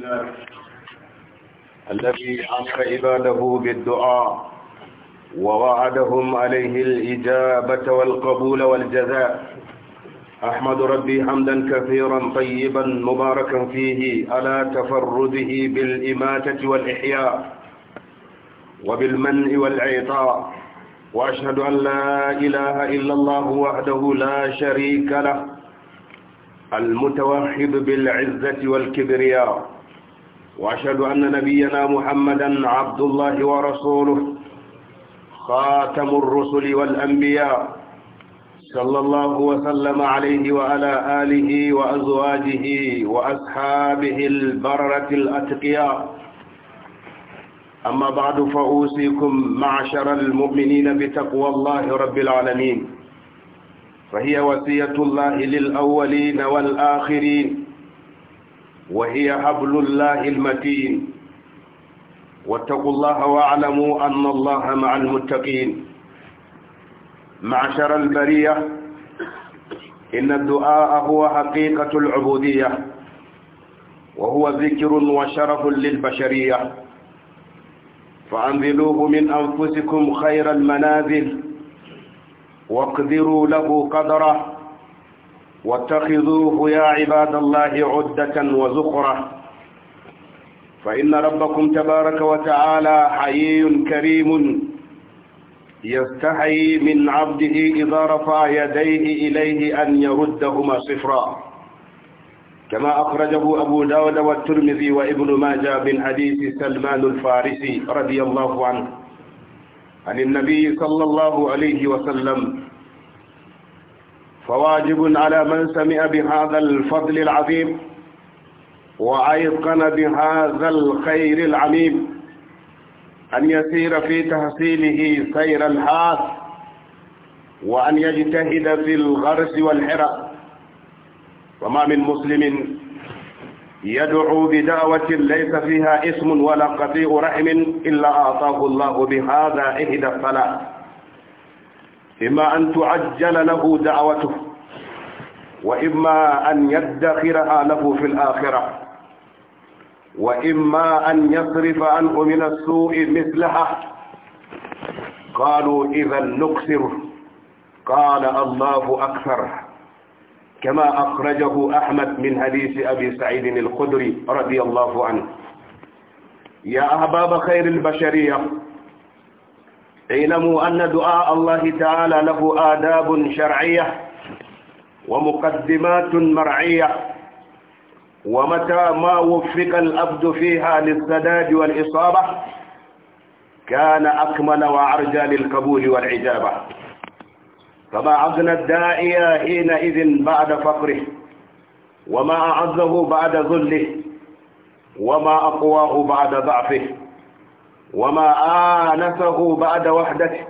الله الذي عمر عباده بالدعاء ووعدهم عليه الإجابة والقبول والجزاء أحمد ربي حمدا كثيرا طيبا مباركا فيه على تفرده بالإماتة والإحياء وبالمنع والعطاء وأشهد أن لا إله إلا الله وحده لا شريك له المتوحد بالعزة والكبرياء وأشهد أن نبينا محمدا عبد الله ورسوله خاتم الرسل والأنبياء صلى الله وسلم عليه وعلى آله وأزواجه وأصحابه البررة الأتقياء أما بعد فأوصيكم معشر المؤمنين بتقوى الله رب العالمين فهي وصية الله للأولين والآخرين وهي حبل الله المتين واتقوا الله واعلموا أن الله مع المتقين معشر البرية إن الدعاء هو حقيقة العبودية وهو ذكر وشرف للبشرية فأنزلوه من أنفسكم خير المنازل واقدروا له قدره واتخذوه يا عباد الله عدة وزخرة فإن ربكم تبارك وتعالى حيي كريم يستحي من عبده إذا رفع يديه إليه أن يردهما صفرا كما أخرجه أبو داود والترمذي وابن ماجه من حديث سلمان الفارسي رضي الله عنه عن النبي صلى الله عليه وسلم فواجب على من سمع بهذا الفضل العظيم وأيقن بهذا الخير العميم أن يسير في تحصيله سير الحاس وأن يجتهد في الغرس والحرى وما من مسلم يدعو بدعوة ليس فيها اسم ولا قطيع رحم إلا أعطاه الله بهذا إهدى الصلاة إما أن تعجل له دعوته وإما أن يدخرها له في الآخرة وإما أن يصرف عنه من السوء مثلها قالوا إذا نكسر قال الله أكثر كما أخرجه أحمد من حديث أبي سعيد الخدري رضي الله عنه يا أحباب خير البشرية اعلموا أن دعاء الله تعالى له آداب شرعية ومقدمات مرعية ومتى ما وفق الأبد فيها للسداد والإصابة كان أكمل وأرجى للقبول والعجابة فما عزنا الداعية حينئذ بعد فقره وما أعزه بعد ذله وما أقواه بعد ضعفه وما آنسه بعد وحدته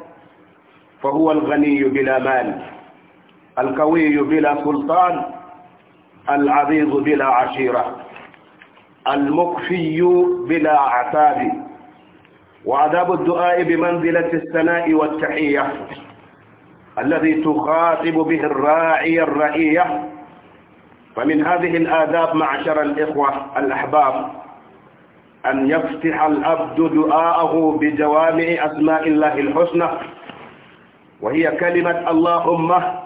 فهو الغني بلا مال القوي بلا سلطان العزيز بلا عشيرة المكفي بلا عتاب وعذاب الدعاء بمنزلة الثناء والتحية الذي تخاطب به الراعي الرعية فمن هذه الآداب معشر الإخوة الأحباب أن يفتح الأبد دعاءه بجوامع أسماء الله الحسنى وهي كلمة اللهم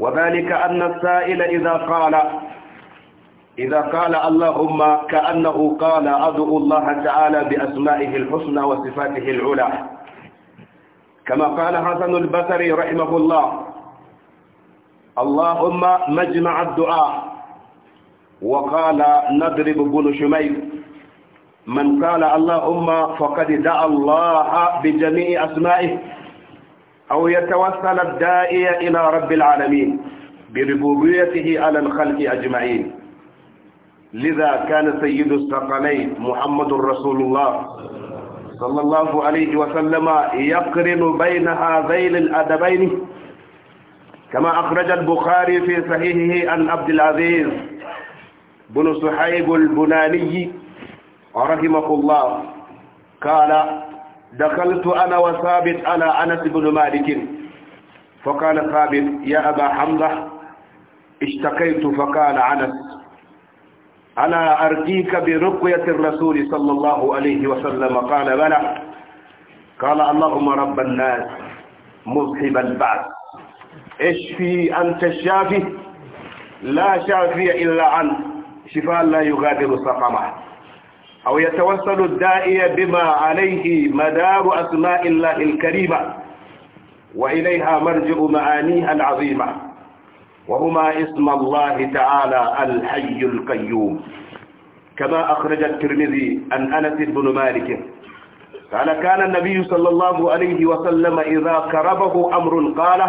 وذلك أن السائل إذا قال إذا قال اللهم كأنه قال أدعو الله تعالى بأسمائه الحسنى وصفاته العلى كما قال حسن البصري رحمه الله اللهم مجمع الدعاء وقال نضرب بن شميل من قال اللهم فقد دعا الله بجميع أسمائه أو يتوسل الدائي إلى رب العالمين بربوبيته على الخلق أجمعين لذا كان سيد الثقلين محمد رسول الله صلى الله عليه وسلم يقرن بين هذين الأدبين كما أخرج البخاري في صحيحه عن عبد العزيز بن صحيب البناني رحمه الله قال دخلت أنا وثابت على أنس بن مالك فقال ثابت يا أبا حمزة اشتكيت فقال أنس انا أرجيك برقية الرسول صلى الله عليه وسلم قال بلى قال اللهم رب الناس مذهب البعث اشفي أنت الشافي لا شافي إلا أنت شفاء لا يغادر سقمه أو يتوسل الداعية بما عليه مدار أسماء الله الكريمة وإليها مرجع معانيها العظيمة وهما اسم الله تعالى الحي القيوم كما أخرج الترمذي عن أنس بن مالك قال كان النبي صلى الله عليه وسلم إذا كربه أمر قال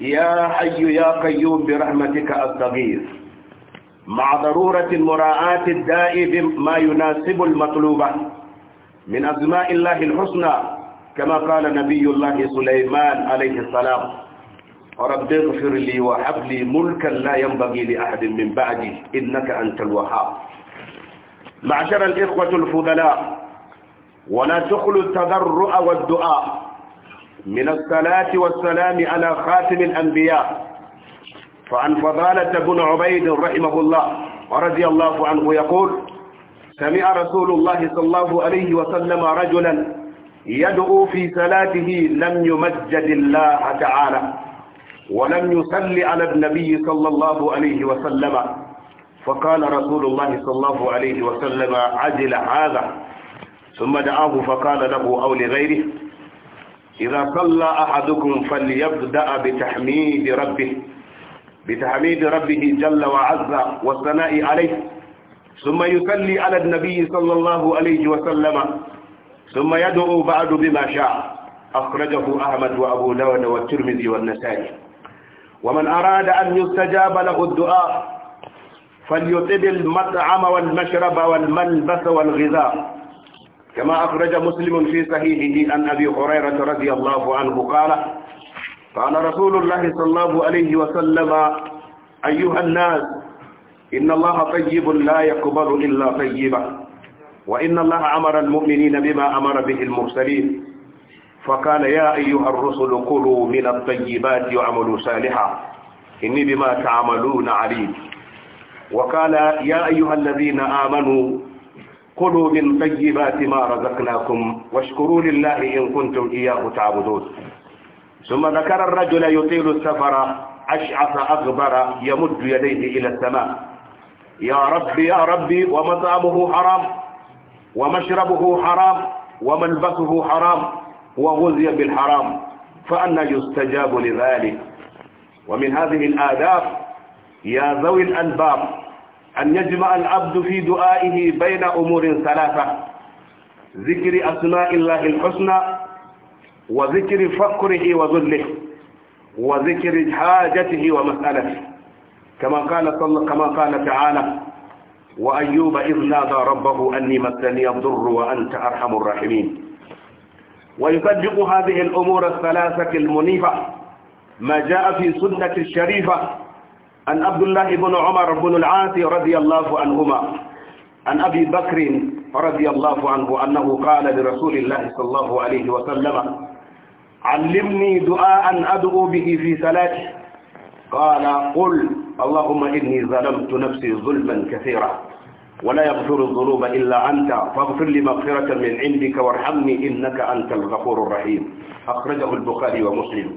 يا حي يا قيوم برحمتك أستغيث مع ضرورة مراعاة الداء بما يناسب المطلوبة من أسماء الله الحسنى كما قال نبي الله سليمان عليه السلام رب اغفر لي وهب لي ملكا لا ينبغي لأحد من بعدي إنك أنت الوهاب معشر الإخوة الفضلاء ولا تخلو التضرع والدعاء من الصلاة والسلام على خاتم الأنبياء فعن فضالة بن عبيد رحمه الله ورضي الله عنه يقول سمع رسول الله صلى الله عليه وسلم رجلا يدعو في صلاته لم يمجد الله تعالى ولم يصل على النبي صلى الله عليه وسلم فقال رسول الله صلى الله عليه وسلم عجل هذا ثم دعاه فقال له أو لغيره إذا صلى أحدكم فليبدأ بتحميد ربه بتحميد ربه جل وعز والثناء عليه ثم يصلي على النبي صلى الله عليه وسلم ثم يدعو بعد بما شاء أخرجه أحمد وأبو لون والترمذي والنسائي ومن أراد أن يستجاب له الدعاء فليطب المطعم والمشرب والملبس والغذاء كما أخرج مسلم في صحيحه عن أبي هريرة رضي الله عنه قال قال رسول الله صلى الله عليه وسلم أيها الناس إن الله طيب لا يقبل إلا طيبا وإن الله أمر المؤمنين بما أمر به المرسلين فقال يا أيها الرسل كلوا من الطيبات وعملوا صالحا إني بما تعملون عليم وقال يا أيها الذين آمنوا كلوا من طيبات ما رزقناكم واشكروا لله إن كنتم إياه تعبدون ثم ذكر الرجل يطيل السفر أشعث أغبر يمد يديه إلى السماء يا ربي يا ربي ومطعمه حرام ومشربه حرام وملبسه حرام وغذي بالحرام فأنا يستجاب لذلك ومن هذه الآداب يا ذوي الألباب أن يجمع العبد في دعائه بين أمور ثلاثة ذكر أسماء الله الحسنى وذكر فقره وذله وذكر حاجته ومسألته كما قال صلى كما قال تعالى وأيوب إذ نادى ربه أني مسني الضر وأنت أرحم الراحمين ويصدق هذه الأمور الثلاثة المنيفة ما جاء في سنة الشريفة عن عبد الله بن عمر بن العاص رضي الله عنهما عن أبي بكر رضي الله عنه أنه قال لرسول الله صلى الله عليه وسلم علمني دعاء أدعو به في صلاتي قال قل اللهم إني ظلمت نفسي ظلما كثيرا ولا يغفر الذنوب إلا أنت فاغفر لي مغفرة من عندك وارحمني إنك أنت الغفور الرحيم أخرجه البخاري ومسلم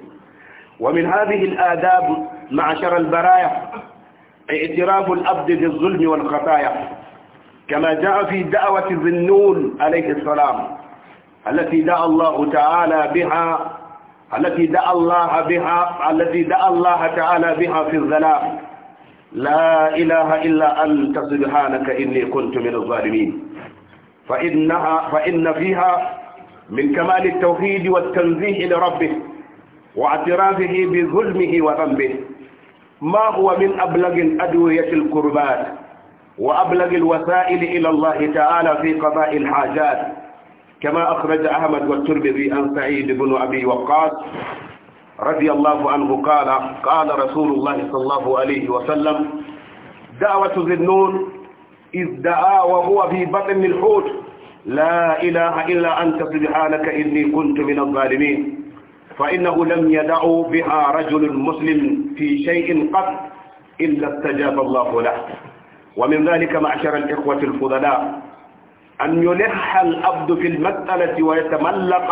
ومن هذه الآداب معشر البرايا اعتراف الأبد بالظلم والخطايا كما جاء في دعوة ذي النون عليه السلام التي دعا الله تعالى بها التي دعا الله بها التي دعا الله تعالى بها في الظلام لا إله إلا أنت سبحانك إني كنت من الظالمين فإنها فإن فيها من كمال التوحيد والتنزيه لربه واعترافه بظلمه وذنبه ما هو من أبلغ الأدوية الكربات وأبلغ الوسائل إلى الله تعالى في قضاء الحاجات كما أخرج أحمد والترمذي عن سعيد بن أبي وقاص رضي الله عنه قال قال رسول الله صلى الله عليه وسلم دعوة ذي النون إذ دعا وهو في بطن الحوت لا إله إلا أنت سبحانك إني كنت من الظالمين فإنه لم يدع بها رجل مسلم في شيء قط إلا استجاب الله له ومن ذلك معشر الإخوة الفضلاء أن يلح الأبد في المسألة ويتملق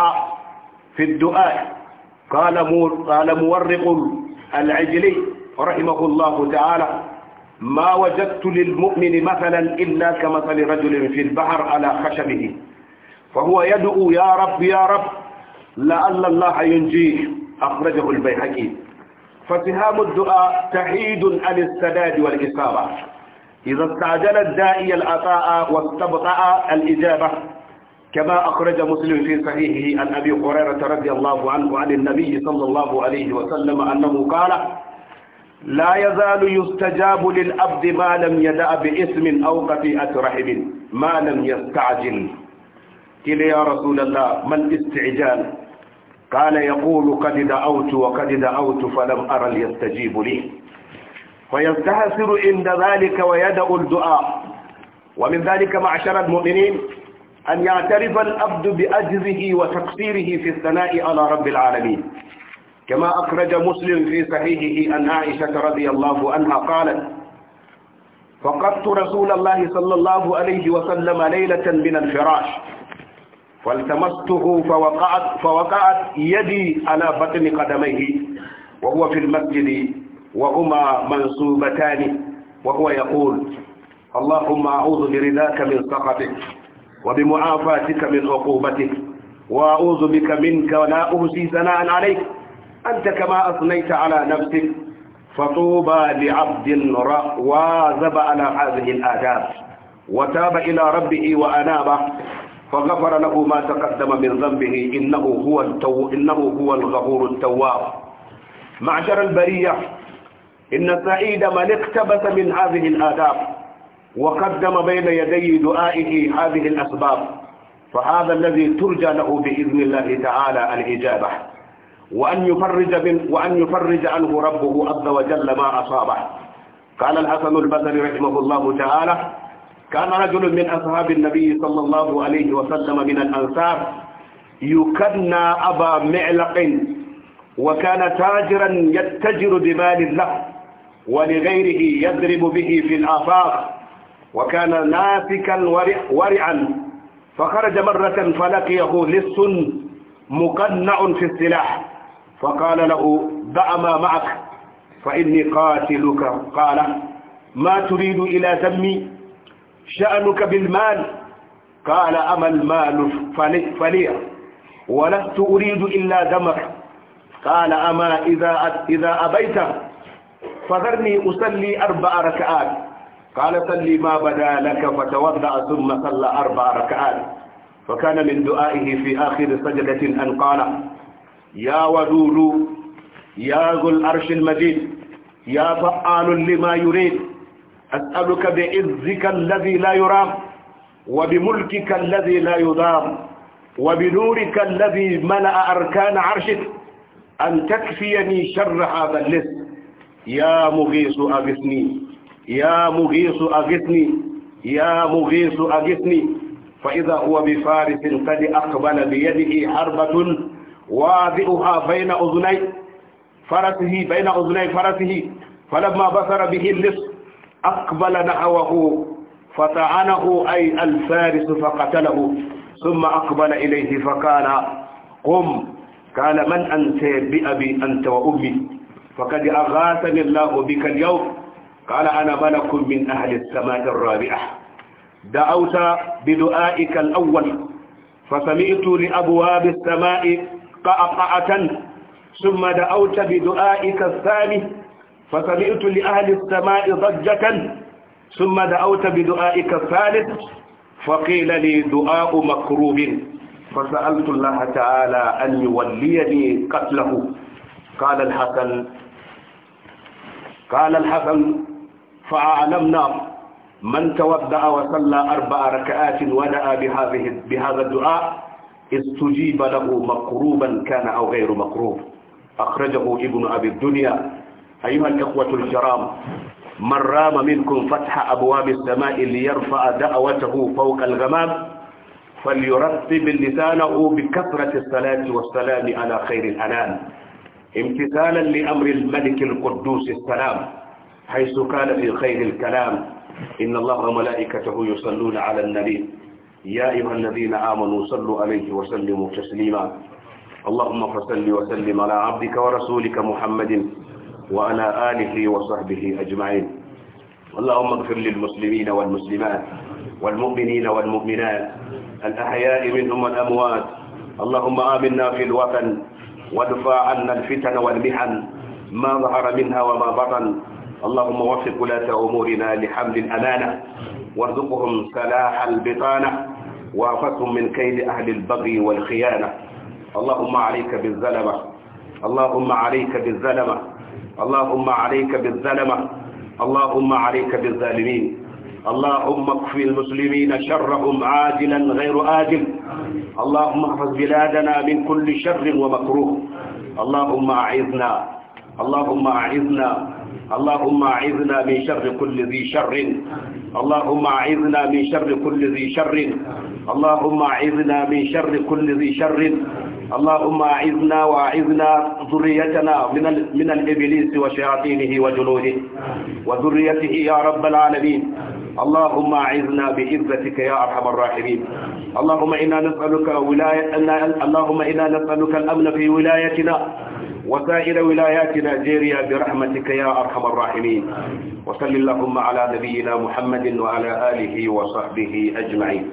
في الدعاء قال قال مورق العجلي رحمه الله تعالى ما وجدت للمؤمن مثلا إلا كمثل رجل في البحر على خشبه فهو يدعو يا رب يا رب لعل الله ينجيه أخرجه البيهقي فسهام الدعاء تحيد عن السداد والإصابة إذا استعجل الداعي العطاء واستبطأ الإجابة كما أخرج مسلم في صحيحه عن أبي هريرة رضي الله عنه عن النبي صلى الله عليه وسلم أنه قال لا يزال يستجاب للعبد ما لم يدع باسم أو قطيعة رحم ما لم يستعجل قيل يا رسول الله ما الاستعجال قال يقول قد دعوت وقد دعوت فلم أرى ليستجيب لي فيستهسر عند ذلك ويدعو الدعاء ومن ذلك معشر المؤمنين أن يعترف الأبد بأجزه وتقصيره في الثناء على رب العالمين كما أخرج مسلم في صحيحه أن عائشة رضي الله عنها قالت فقدت رسول الله صلى الله عليه وسلم ليلة من الفراش فالتمسته فوقعت, فوقعت يدي على بطن قدميه وهو في المسجد وهما منصوبتان وهو يقول اللهم أعوذ برضاك من سخطك وبمعافاتك من عقوبتك وأعوذ بك منك ولا أهسي ثناء عليك أنت كما أثنيت على نفسك فطوبى لعبد واظب على هذه الآداب وتاب إلى ربه وأناب فغفر له ما تقدم من ذنبه إنه هو, التو... إنه هو الغفور التواب معشر البرية إن سعيد من اقتبس من هذه الآداب وقدم بين يدي دعائه هذه الأسباب فهذا الذي ترجى له بإذن الله تعالى الإجابة وأن يفرج, من وأن يفرج عنه ربه عز وجل ما أصابه قال الحسن البصري رحمه الله تعالى كان رجل من أصحاب النبي صلى الله عليه وسلم من الأنصار يكنى أبا معلق وكان تاجرا يتجر بمال له ولغيره يضرب به في الآفاق وكان نافكا ورعا فخرج مرة فلقيه لص مقنع في السلاح فقال له دع ما معك فإني قاتلك قال ما تريد إلى ذمي شأنك بالمال قال أما المال فلي ولست أريد إلا دمك قال أما إذا, إذا أبيت فذرني أصلي أربع ركعات قال صلي ما بدا لك فتوضأ ثم صلى أربع ركعات فكان من دعائه في آخر سجدة أن قال يا ودود يا ذو الأرش المجيد يا فعال لما يريد أسألك بعزك الذي لا يرام وبملكك الذي لا يضام وبنورك الذي ملأ أركان عرشك أن تكفيني شر هذا اللص يا مغيث أغثني يا مغيث أغثني يا مغيث أغثني فإذا هو بفارس قد أقبل بيده حربة واضئها بين أذني فرسه بين أذني فرسه فلما بصر به اللص أقبل نحوه فطعنه أي الفارس فقتله ثم أقبل إليه فقال قم قال من أنت بأبي أنت وأمي فقد أغاثني الله بك اليوم قال أنا ملك من أهل السماء الرابعة دعوت بدعائك الأول فسمعت لأبواب السماء قعقعة ثم دعوت بدعائك الثاني فسمعت لأهل السماء ضجة ثم دعوت بدعائك الثالث فقيل لي دعاء مكروب فسألت الله تعالى أن يوليني قتله قال الحسن قال الحسن فأعلمنا من توضأ وصلى أربع ركعات ودعا بهذه بهذا الدعاء استجيب له مقروبا كان أو غير مقروب أخرجه ابن أبي الدنيا أيها الإخوة الكرام من رام منكم فتح أبواب السماء ليرفع دعوته فوق الغمام فليرتب لسانه بكثرة الصلاة والسلام على خير الأنام امتثالا لأمر الملك القدوس السلام حيث كان في خير الكلام إن الله وملائكته يصلون على النبي يا أيها الذين آمنوا صلوا عليه وسلموا تسليما اللهم فصل وسلم على عبدك ورسولك محمد وعلى آله وصحبه أجمعين اللهم اغفر للمسلمين والمسلمات والمؤمنين والمؤمنات الأحياء منهم والأموات اللهم آمنا في الوطن وادفع عنا الفتن والمحن ما ظهر منها وما بطن اللهم وفق ولاة أمورنا لحمل الأمانة وارزقهم سلاح البطانة وعفتهم من كيد أهل البغي والخيانة اللهم عليك بالزلمة اللهم عليك بالزلمة اللهم عليك بالزلمة اللهم عليك بالظالمين اللهم اكفي المسلمين شرهم عاجلا غير آجل اللهم احفظ بلادنا من كل شر ومكروه اللهم أعذنا اللهم أعذنا اللهم أعذنا من شر كل ذي شر اللهم أعذنا من شر كل ذي شر اللهم أعذنا من شر كل ذي شر اللهم أعذنا وأعذنا ذريتنا من من الإبليس وشياطينه وجنوده وذريته يا رب العالمين اللهم أعذنا بعزتك يا أرحم الراحمين اللهم إنا نسألك ولاية اللهم إنا نسألك الأمن في ولايتنا وسائر ولايات نيجيريا برحمتك يا أرحم الراحمين وصل اللهم على نبينا محمد وعلى آله وصحبه أجمعين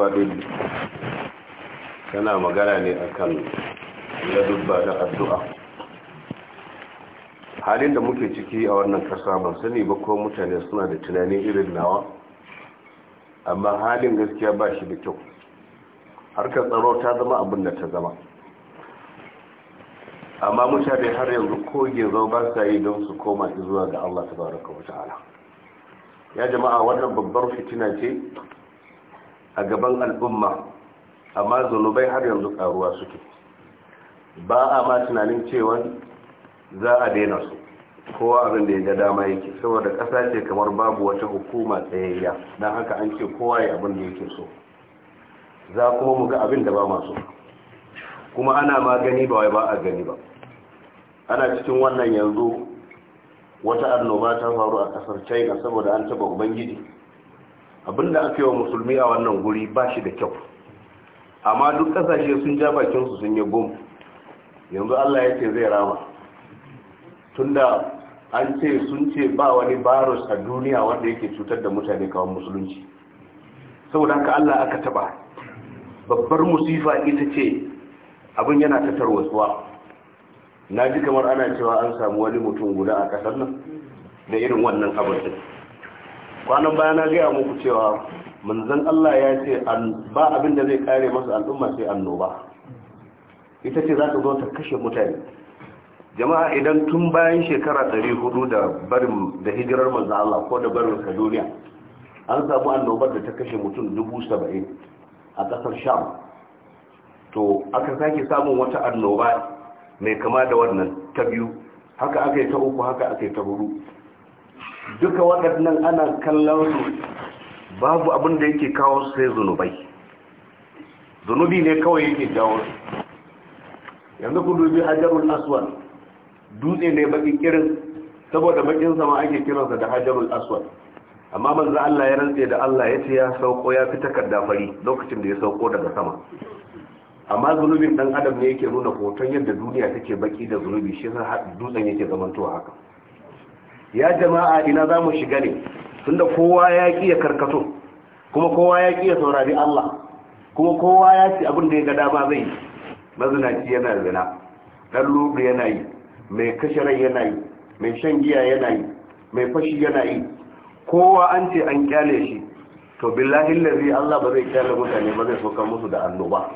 badin kana magana ne akan ladubba da addu'a halin da muke ciki a wannan kasa ban sani ba ko mutane suna da tunani irin nawa amma halin gaskiya ba shi da kyau harkar tsaro ta zama abin da ta zama amma mutane har yanzu kogin zo ba sa yi don su koma zuwa ga Allah baraka wata ala ya jama'a wannan babbar fitina ce a gaban al'umma amma zunubai har yanzu karuwa suke ba a ma tunanin cewa za a daina su kowa abin da ya ga dama yake saboda ƙasa ce kamar babu wata hukuma tsayayya don haka an ce kowa ya abin da yake so za kuma mu abin da ba masu kuma ana ma gani ba wai ba a gani ba ana cikin wannan yanzu wata annoba ta faru a ƙasar china saboda an taba ubangiji abinda aka yi wa musulmi a wannan guri ba shi da kyau amma duk kasashe sun ja bakinsu sun yi gom yanzu allah ya ce zai rama tunda an ce sun ce ba wani virus a duniya wanda yake cutar da mutane kawan musulunci saboda haka allah aka taba babbar musifa ita ce abin yana ta tarwatsuwa na ji kamar ana cewa an samu wani mutum guda a kasar nan da irin wannan abin kwanan bayana na gaya muku cewa manzan Allah ya ce ba abin da zai kare masa al'umma sai annoba ita ce za ta zo ta kashe mutane jama'a idan tun bayan shekara 400 da barin da hijirar manzan Allah ko da barin kaduniya an samu annobar da ta kashe mutum 70,000 a kasar sham to aka sake samun wata annoba mai kama da wannan ta biyu haka aka yi ta uku haka aka yi ta huru. duka waɗannan ana kallon su babu abin da yake kawo sai zunubai zunubi ne kawai yake jawo su yanzu ku dubi hajarul aswad dutse ne baki kirin saboda bakin sama ake kiransa da hajarul aswad amma manzo Allah ya rantse da Allah ya ce ya sauko ya fi takarda fari lokacin da ya sauko daga sama amma zunubin ɗan adam ne yake nuna hoton yadda duniya take baki da zunubi shi yasa dutsen yake zamantowa haka ya jama'a ina za mu shiga ne tunda kowa ya ƙi ya karkato kuma kowa ya ƙi ya saurari Allah kuma kowa ya ci abin da ya ga dama zai mazinaci yana zina ɗan lubu yana yi mai kashe rai yana yi mai shan giya yana yi mai fashi yana yi kowa an ce an kyale shi to billahi lazi Allah ba zai kyale mutane ba zai soka musu da annoba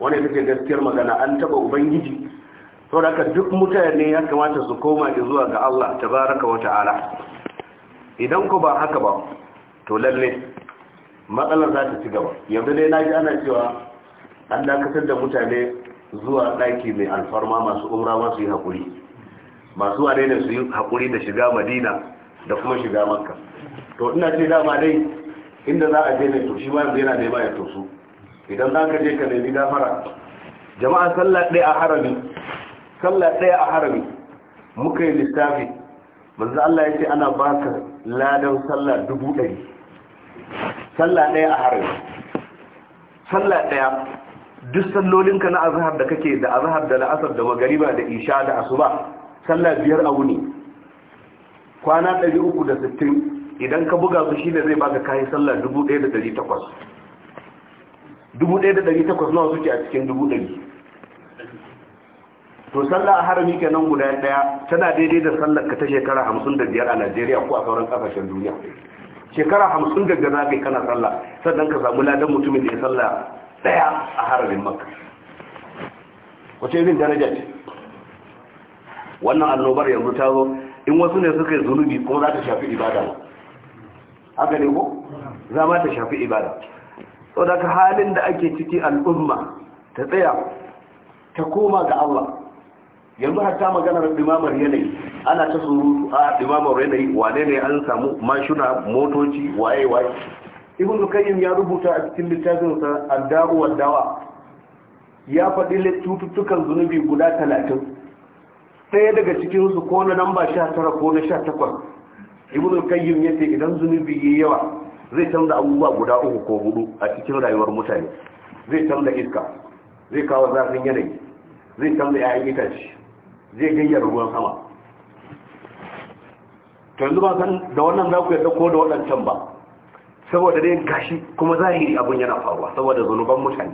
wanda take gaskiyar magana an taɓa ubangiji saboda duk mutane ya kamata su koma zuwa ga Allah tabaraka wa ta'ala idan ku ba haka ba to lalle matsalar za ta ci gaba yanzu dai na ji ana cewa an dakatar da mutane zuwa ɗaki mai alfarma masu umra masu yi haƙuri masu a ne su yi haƙuri da shiga madina da kuma shiga makka to ina ce dama dai inda za a je ne to shi ma yanzu yana ba ya tosu idan za ka je ka nemi gafara jama'a sallah ɗaya a harami sallah ɗaya a harami muka yi lissafi manzo Allah ya ce ana baka ladan sallah dubu ɗari sallah ɗaya a harami sallah ɗaya duk sallolinka na azhar da kake da azhar da la'asar da magariba da isha da asuba sallah biyar a wuni kwana ɗari uku da sittin idan ka buga su shi ne zai baka kayi sallah dubu ɗaya da ɗari takwas dubu ɗaya da ɗari takwas nawa suke a cikin dubu ɗari to sallah a harami kenan guda daya tana daidai da sallar ka ta shekara hamsin da biyar a Najeriya ko a sauran kasashen duniya shekara hamsin daga za kai kana sallah sannan ka samu ladan mutumin da ya sallah daya a haramin makka wace irin daraja ce wannan annobar yanzu ta zo in wasu ne suka yi zunubi ko za ta shafi ibada haka ne ko za ma ta shafi ibada saboda halin da ake ciki al'umma ta tsaya ta koma ga Allah yanzu hatta maganar dimamar yanayi ana ta surutu a dimamar yanayi wane ne an samu mashuna motoci waye waye ibn kayyim ya rubuta a cikin littafinsa adda'u wa dawa ya faɗi cututtukan zunubi guda talatin ɗaya daga cikinsu ko na namba sha tara ko na sha takwas ibn kayyim ya ce idan zunubi yi yawa zai canza abubuwa guda uku ko hudu a cikin rayuwar mutane zai canza iska zai kawo zafin yanayi zai canza 'ya'yan itace zai gayyar ruwan sama to yanzu ba da wannan za ku yadda ko da waɗancan ba saboda dai gashi kuma zahiri abin yana faruwa saboda zunuban mutane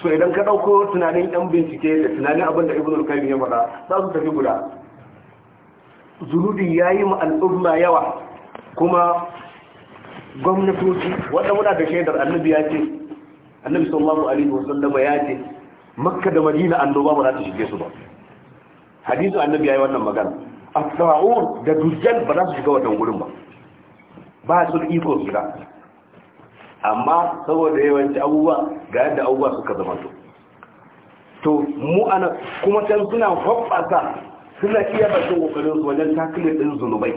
so idan ka ɗauko tunanin yan bincike da tunanin abin da ibn al-qayyim ya faɗa za su tafi guda zunubi yayi ma al'umma yawa kuma gwamnatoci wanda muna da shaidar annabi ya ce annabi sallallahu alaihi wasallam ya ce makka da madina annoba ba za ta shige su ba hadisu annabi ya wannan magana a da dujjal ba za su shiga wannan gurin ba ba su da iko da amma saboda yawanci abubuwa ga yadda abubuwa suka zama to to mu ana kuma can suna hoɓɓasa suna iya bakin kokarin su wajen takile ɗin zunubai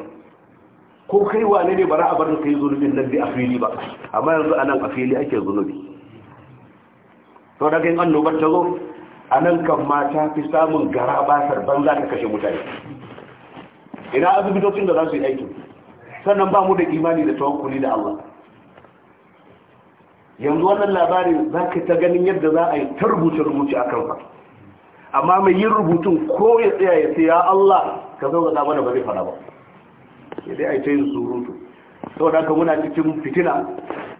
ko kai wane ne bara a bar kai zunubin nan da a fili ba amma yanzu anan a fili ake zunubi to daga yin annobar ta zo a nan kan mata fi samun gara basar banza ta kashe mutane ina asibitocin da za su yi aikin sannan ba mu da imani da tawakkuli da Allah yanzu wannan labarin za ka ta ganin yadda za a yi ta rubuce-rubuce a kanfa amma mai yin rubutun ko ya tsaya ya tsaya Allah ka zo ga mana ba zai fara ba ya dai a yi ta yin surutu da aka muna cikin fitina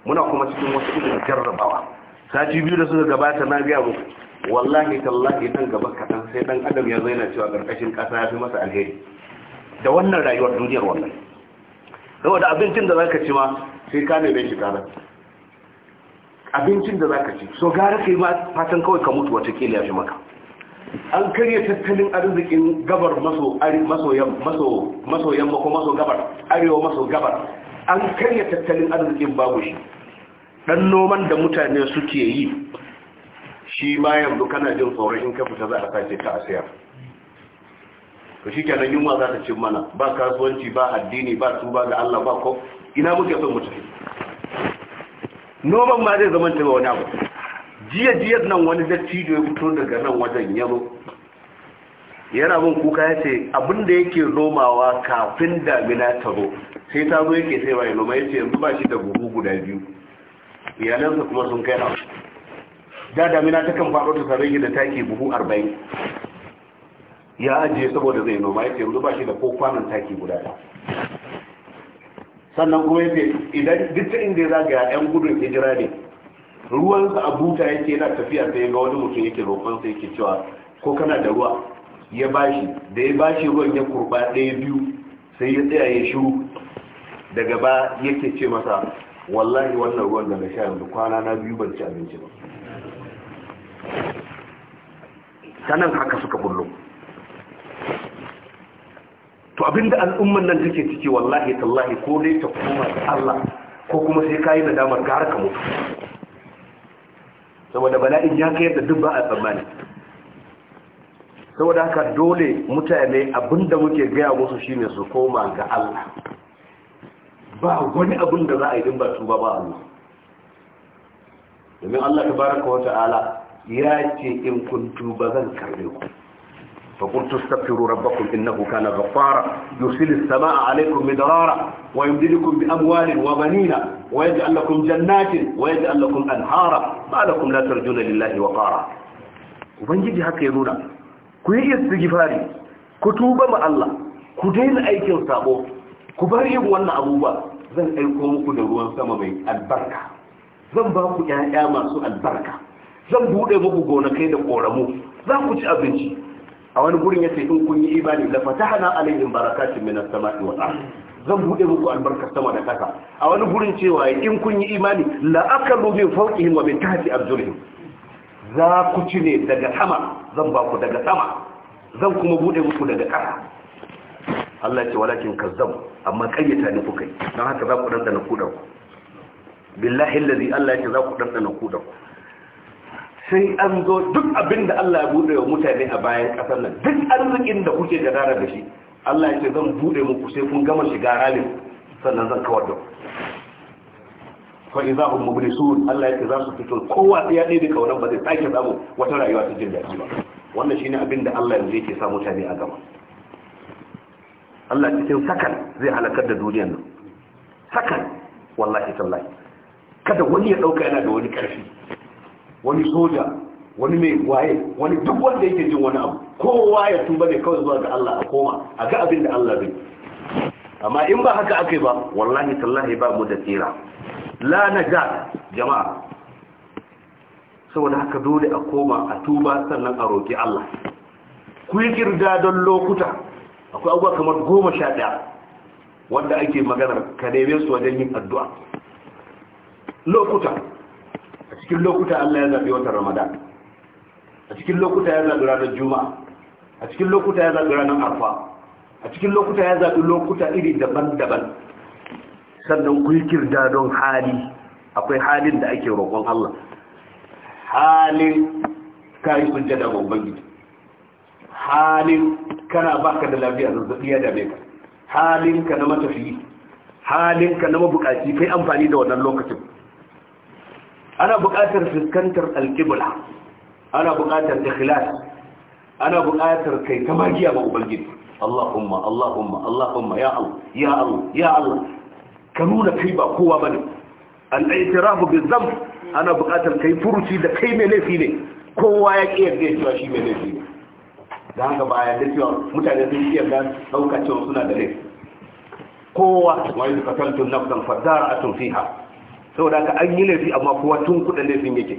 muna kuma cikin wasu irin jarrabawa sati biyu da suka gabata na gaya muku wallahi tallahi nan gaba kaɗan sai ɗan adam ya zaina cewa ƙarƙashin ƙasa ya fi masa alheri da wannan rayuwar duniyar wallahi saboda abincin da za ka ci ma sai ka ne shi ƙara abincin da za ka ci so gara kai ma fatan kawai ka mutu watakila ya fi maka an karya tattalin arzikin gabar maso yamma ko maso gabar arewa maso gabar an karya tattalin arzikin babu shi Dan noman da mutane suke yi shi ma yanzu kana jin tsoron in ka fita za a sace ta a sayar to shi kenan yunwa za ta cin mana ba kasuwanci ba addini ba tuba ga Allah ba ko ina muke son mutum noman ma zai zama ta wani abu jiya jiya nan wani dattijo ya fito daga nan wajen yaro yana bin kuka ya ce abin da yake nomawa kafin damina ta zo sai ta zo yake sai bai noma ya ce yanzu ba shi da buhu guda biyu iyalansa kuma sun kai wasu. da damina ta kan faɗo ta sarari da taki buhu arba'in ya ajiye saboda zai noma ya ce ba shi da ko kwanan taki guda ta sannan kuma ya ce idan duk ta inda ya zagaya yan gudun hijira ne ruwansa a buta yake yana tafiya sai ga wani mutum yake roƙonsa yake cewa ko kana da ruwa ya bashi da ya bashi ruwan ya kurɓa ɗaya biyu sai ya tsaya ya shiru daga ba yake ce masa wallahi wannan ruwan da na sha yanzu kwana na biyu ban ci abinci ba sanan haka suka bullo to abinda al'umman nan take ciki wallahi tallahi ko dai ta koma da Allah ko kuma sai kayi nadamar gara ka mutu saboda bala'in ya kai yadda duk ba a tsammani saboda haka dole mutane abinda muke gaya musu shine su koma ga Allah ba wani abin da za a yi din ba ba Allah domin Allah tabaraka wa ta'ala ya ce in kuntu ba zan karbe ku fa kuntu tastaghfiru rabbakum innahu kana ghaffara yusilu samaa'a 'alaykum midrara wa yumdidukum bi amwalin wa banina wa yaj'al lakum jannatin wa yaj'al lakum anhara ba lakum la tarjuna lillahi wa ubangiji haka ya nuna ku yi istighfari ku tuba ma Allah ku daina aikin saɓo, ku bar yin wannan abubuwa zan aiko muku da ruwan sama mai albarka zan ba ku ƴaƴa masu albarka zan buɗe muku gonakai da ƙoramu za ku ci abinci a wani gurin ya ce in kun yi imani la fatahna alaihim barakatun as sama'i wal ardi zan buɗe muku albarkar sama da ƙasa a wani gurin cewa in kun yi imani la akalu min fawqihim wa min tahti arjulihim za ku ci ne daga sama zan ba ku daga sama zan kuma buɗe muku daga ƙasa Allah ce walakin kazzab amma kayyata ne kuka yi don haka za ku dandana ku da ku billahi allazi Allah ya ce za ku dandana ku da ku sai an zo duk abin da Allah ya bude wa mutane a bayan ƙasar nan duk arzikin da kuke gadara da shi Allah ya ce zan bude muku sai kun gama shiga ralin sannan zan kawar da za ku hum mublisun Allah ya ce za su fito kowa sai ya da kaunan ba zai sake samu wata rayuwa ta jin daɗi ba wannan shine abin da Allah yanzu yake sa mutane a gaba Allah cikin sakan zai halakar da duniyar nan sakan wallahi tallahi kada wani ya dauka yana da wani karfi wani soja wani mai waye wani duk wanda yake jin wani abu kowa ya tuba ne kawai zuwa ga Allah a koma a ga abin da Allah zai amma in ba haka akai ba wallahi tallahi ba mu da tsira la naja jama'a saboda haka dole a koma a tuba sannan a roki Allah ku yi kirda don lokuta akwai abubuwa kamar goma sha ɗaya wanda ake maganar ka neme su wajen yin addu'a lokuta cikin lokuta Allah ya zaɓi watan Ramadan a cikin lokuta ya zaɓi ranar Juma'a a cikin lokuta ya zaɓi ranar Arfa a cikin lokuta ya zaɓi lokuta iri daban-daban sannan ku yi kirda don hali akwai halin da ake roƙon Allah halin kayi sujjada ga Ubangiji halin kana baka da lafiya zazzabi ya dame ka halin ka na matafiyi halin ka na mabuƙaci, kai amfani da wannan lokacin ana buƙatar fuskantar alƙibla ana buƙatar ikhlas ana buƙatar kai ta magiya ma ubangiji Allahumma Allahumma Allahumma ya Allah ya Allah ya Allah ka nuna kai ba kowa bane al-i'tirafu bi dhanb ana buƙatar kai furuci da kai mai laifi ne kowa ya kiyarda cewa shi mai laifi ne da haka ba ya da cewa mutane sun kiyarda dauka cewa suna da laifi kowa wa yadda kataltun nafsan fadara'atun fiha saboda ka an yi laifi amma kowa tun kudin laifin yake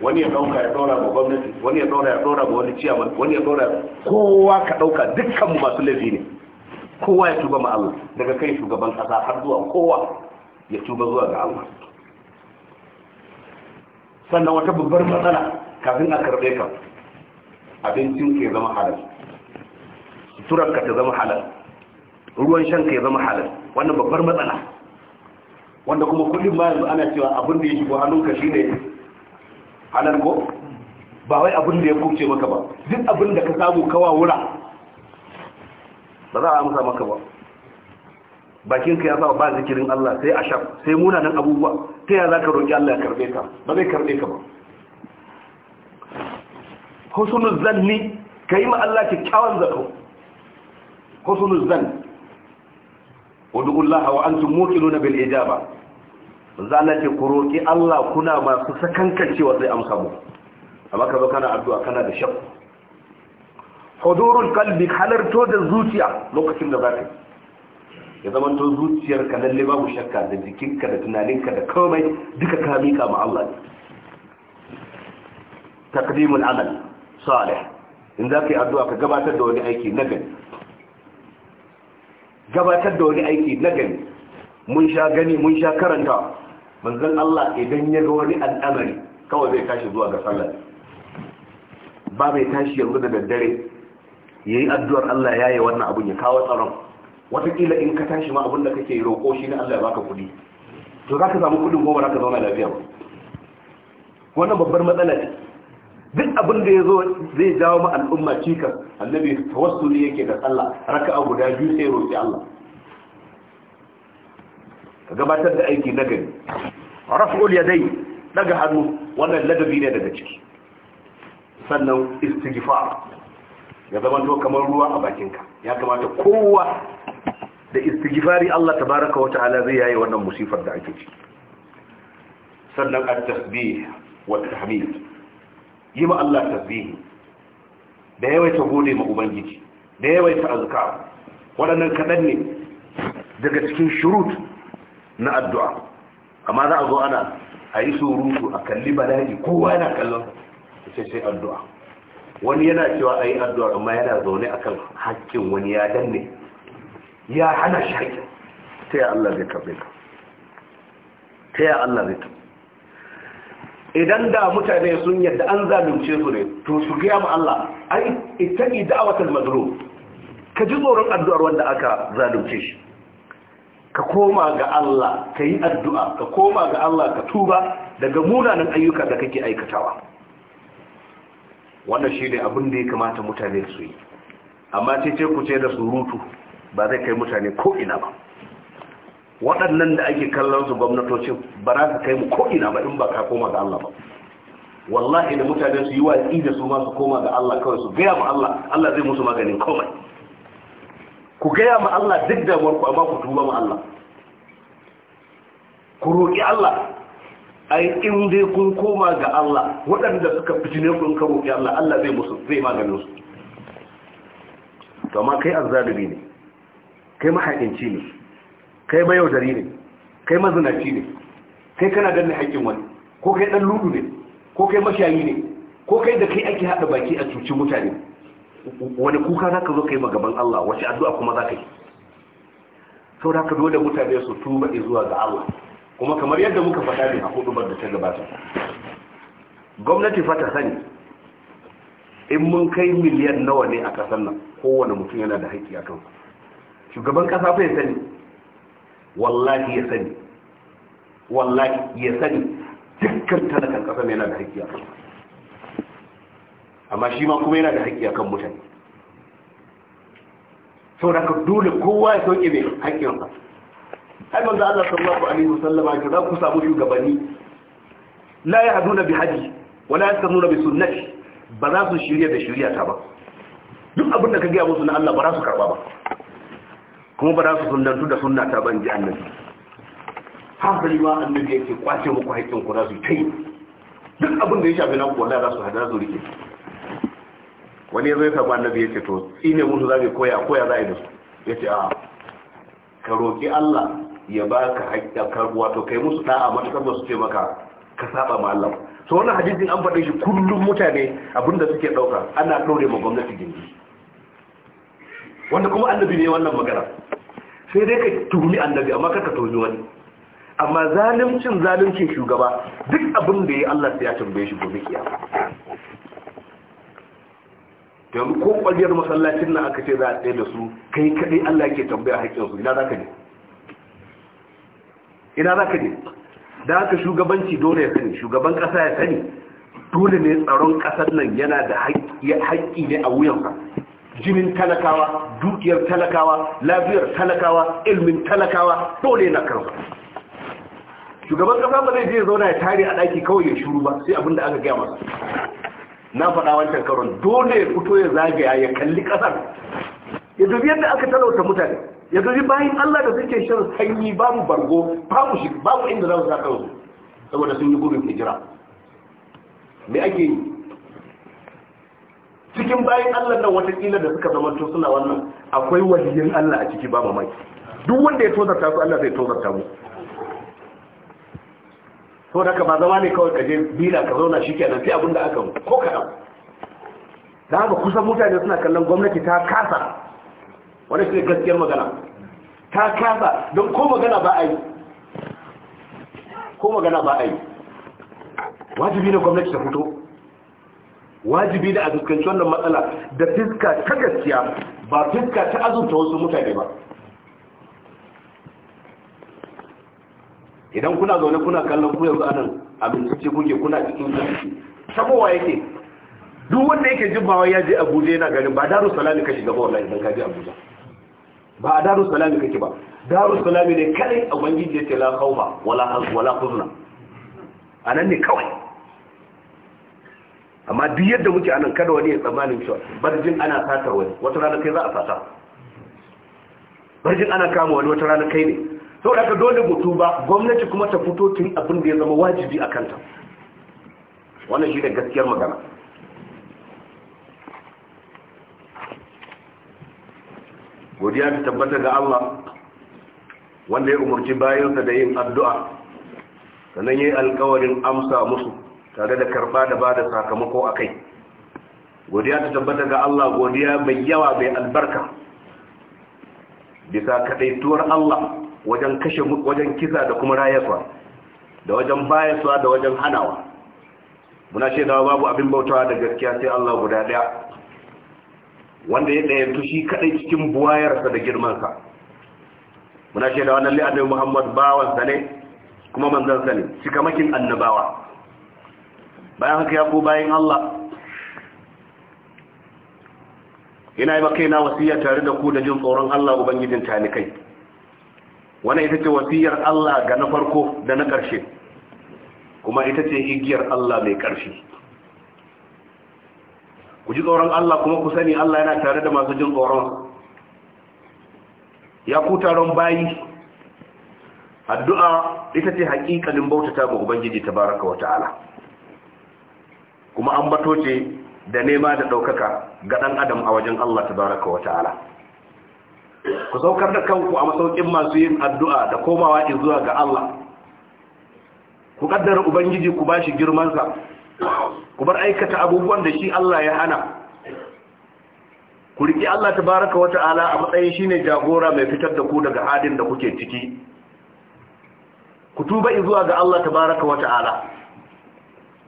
wani ya dauka ya dora ga gwamnati wani ya dora ya dora ga wani ciyaman wani ya dora kowa ka dauka dukkan masu laifi ne kowa ya tuba ma Allah daga kai shugaban kasa har zuwa kowa ya tuba zuwa ga Allah sannan wata babbar matsala kafin a karbe ka abincin ke zama halal suturar ka ta zama halal ruwan shan ka ya zama halal wannan babbar matsala wanda kuma kullum ma yanzu ana cewa abin da ya shigo hannunka shi ne halar ko ba wai abin da ya kuce maka ba duk abin da ka samu kawa wura ba za a amsa maka ba bakinka ya sa ba zikirin Allah sai ashab sai munanan abubuwa ta ya za ka roƙi Allah ya karɓe ka ba zai karɓe ka ba husnul zanni ka yi ma Allah ki kyakkyawan ko husnul zanni wadu'ullaha wa an nuna bil ijaba zala ce ku roƙi Allah kuna masu sakankancewa sai amsa mu amma ka zo kana addu'a kana da shakku hudurul qalbi halarto da zuciya lokacin da zaka ya zaman to zuciyarka lalle babu shakka da jikinka da tunaninka da komai duka ka mika ma Allah taqdimul amal salih in zaka yi addu'a ka gabatar da wani aiki na gari gabatar da wani aiki na gani mun sha gani mun sha karanta manzan Allah idan ya ga wani al'amari kawai zai tashi zuwa ga sallar. ba mai tashi yanzu da daddare ya yi addu'ar Allah ya yi wannan abun ya kawo tsaron watakila in ka tashi ma abun da kake roƙo shi na Allah ya baka kuɗi to zaka samu kuɗin goma zaka zauna lafiya wannan babbar matsala duk abin da ya zo zai jawo ma al'umma cikas annabi tawassuli yake da sallah raka'a guda biyu sai roƙi Allah ka gabatar da aiki na gari raf'ul yadai daga hannu wannan ladabi ne daga ciki sannan istighfar ya zama to kamar ruwa a bakinka ya kamata kowa da istighfari Allah tabaraka wa ta'ala zai yayi wannan musifar da ake ciki sannan at-tasbih wa tahmid yi ma Allah tasbihi da yawaita gode ma ubangiji da yawaita azkar waɗannan kaɗan ne daga cikin shurut na addu'a amma za a zo ana a yi surutu a kalli bala'i kowa yana kallon sai sai addu'a wani yana cewa a yi addu'a amma yana zaune a kan haƙƙin wani ya danne ya hana shi ta ya Allah zai karbe ka ta ya Allah zai karbe idan da mutane sun yadda an zalunce su ne to su gaya ma Allah ai ittaqi da'watal mazlum ka ji tsoron addu'ar wanda aka zalunce shi ka koma ga Allah ka yi addu'a ka koma ga Allah ka tuba daga munanan ayyuka da kake aikatawa wannan shi ne abin da ya kamata mutane su yi amma ce ku ce da surutu ba zai kai mutane ko ina ba waɗannan da ake kallon su gwamnatocin ba za su kai mu ko'ina ba in ba ka koma ga Allah ba wallahi da mutane su yi watsi da su ma su koma ga Allah kawai su gaya ma Allah Allah zai musu maganin komai ku gaya ma Allah duk damuwar ku amma ku tuba ma Allah ku roƙi Allah ai in dai kun koma ga Allah waɗanda suka fitine ku in ka roƙi Allah Allah zai musu zai maganin su to amma kai azzalimi ne kai mahaƙinci ne kai mayaudari ne kai mazinaci ne kai kana danne haƙƙin wani ko kai ɗan ludu ne ko kai mashayi ne ko kai da kai ake haɗa baki a cuci mutane wani kuka za ka zo ka yi magaban Allah wace addu'a kuma za ka yi sau da ka dole mutane su tuba zuwa ga Allah kuma kamar yadda muka faɗa ne a hudubar da ta gabata gwamnati fata sani in mun kai miliyan nawa ne a ƙasar nan kowane mutum yana da haƙƙi a kan shugaban ƙasa fa ya sani wallahi ya sani wallahi ya sani dukkan talakan kasa mai yana da haƙƙi akan amma shi ma kuma yana da haƙƙi akan mutane sau da ka dole kowa ya sauke mai haƙƙinsa ai manzo Allah sallallahu alaihi wasallam ya za ku samu shugabanni la yahduna bi haji wala ya yastamuna bi sunnati ba za su shirya da shirya ta ba duk abin da ka gaya musu na Allah ba za su karɓa ba kuma ba za su sunantu da sunna ta ban ji annabi hankali ma annabi yake kwace muku haƙƙin ku za su ta yi duk abin da ya shafi naku wallahi za su hada su rike wani ya zo ya samu annabi ya ce to tsine musu za mu koya koya za a yi da su ya ce a ka roƙi Allah ya ba ka haƙƙa wato kai musu da'a matuƙar ba su ce maka ka saba ma Allah so wannan hadisin an faɗe shi kullum mutane abinda suke ɗauka ana ɗaure ma gwamnati gindi wanda kuma annabi ne wannan magana sai dai ka tuhumi annabi amma kar ka tuhumi wani amma zalimcin zalimcin shugaba duk abin da ya Allah sai ya tambaye shi gobe kiyama yanzu ko kwaliyar masallacin nan aka ce za a tsaye da su kai kaɗai Allah ke tambaya haƙƙin su ina za ka ne? ina za ka ne? da haka shugabanci dole ya sani shugaban ƙasa ya sani dole ne tsaron ƙasar nan yana da haƙƙi ne a wuyansa jinin talakawa dukiyar talakawa lafiyar talakawa ilmin talakawa dole na karba shugaban kasa ba zai je ya zauna ya tare a ɗaki kawai ya shuru ba sai abin da aka gaya masa na faɗa wancan karon dole ya fito ya zagaya ya kalli ƙasar ya dubi yadda aka talauta mutane ya dubi bayan Allah da suke shan sanyi babu bargo babu shi babu inda za su sa kansu saboda sun yi gudun hijira me ake yi cikin bayan Allah nan watakila da suka zama to suna wannan akwai waliyin Allah a ciki ba mamaki duk wanda ya tozarta su Allah zai tozarta mu so da ka ba zama ne kawai kaje bila ka zauna shi kenan sai abinda aka ko kaɗan da haka kusan mutane suna kallon gwamnati ta kasa wani shi gaskiyar magana ta kasa don ko magana ba a yi ko magana ba a yi wajibi ne gwamnati ta fito wajibi da a fuskanci wannan matsala da fiska ta gaskiya ba fiska ta azurta wasu mutane ba idan kuna zaune kuna kallon ku yanzu anan abinci kuke kuna cikin zafi sabowa yake duk wanda yake jibbawa ya je abuja yana ganin ba daru salami ka shiga wallahi idan ka je abuja ba a daru salami kake ba daru salami ne kare a ubangiji ya ce la khawfa wala wala a anan ne kawai amma duk yadda muke anan kada wani ya tsammanin cewa barjin ana satar wani wata rana kai za a fata barjin ana kama wani wata rana kai ne sau da ka dole mutu ba gwamnati kuma ta fito tun abin da ya zama wajibi a kanta wannan shi ne gaskiyar magana godiya ta tabbata ga Allah wanda ya umarci bayansa da yin addu'a sannan ya yi alkawarin amsa musu tare da karba da ba da sakamako a kai godiya ta tabbata ga Allah godiya mai yawa mai albarka bisa kadaituwar Allah wajen kashe wajen kisa da kuma rayaswa da wajen bayaswa da wajen hanawa muna shaidawa babu abin bautawa da gaskiya sai Allah guda daya wanda ya dayantu shi kaɗai cikin buwayarsa da girmansa muna shaidawa da wannan annabi Muhammad bawansa ne kuma manzon sa ne cikamakin annabawa bayan haka ya ku bayan Allah ina yi na wasiya tare da ku da jin tsoron Allah ubangijin talikai wani ita ce wasiyar Allah ga na farko da na ƙarshe kuma ita ce igiyar Allah mai ƙarshe ku ji tsoron Allah kuma ku sani Allah yana tare da masu jin tsoron ya ku taron bayi addu'a ita ce haƙiƙanin bautata ga ubangiji tabaraka wata ala. kuma an bato ce da nema da ɗaukaka ga ɗan adam a wajen Allah tabaraka wa ta'ala ku saukar da kanku a masaukin masu yin addu'a da komawa zuwa ga Allah ku ƙaddara ubangiji ku bashi girmansa ku bar aikata abubuwan da shi Allah ya hana ku riƙi Allah tabaraka wa ta'ala a matsayin shine jagora mai fitar da ku daga hadin da kuke ciki ku tuba zuwa ga Allah tabaraka wa ta'ala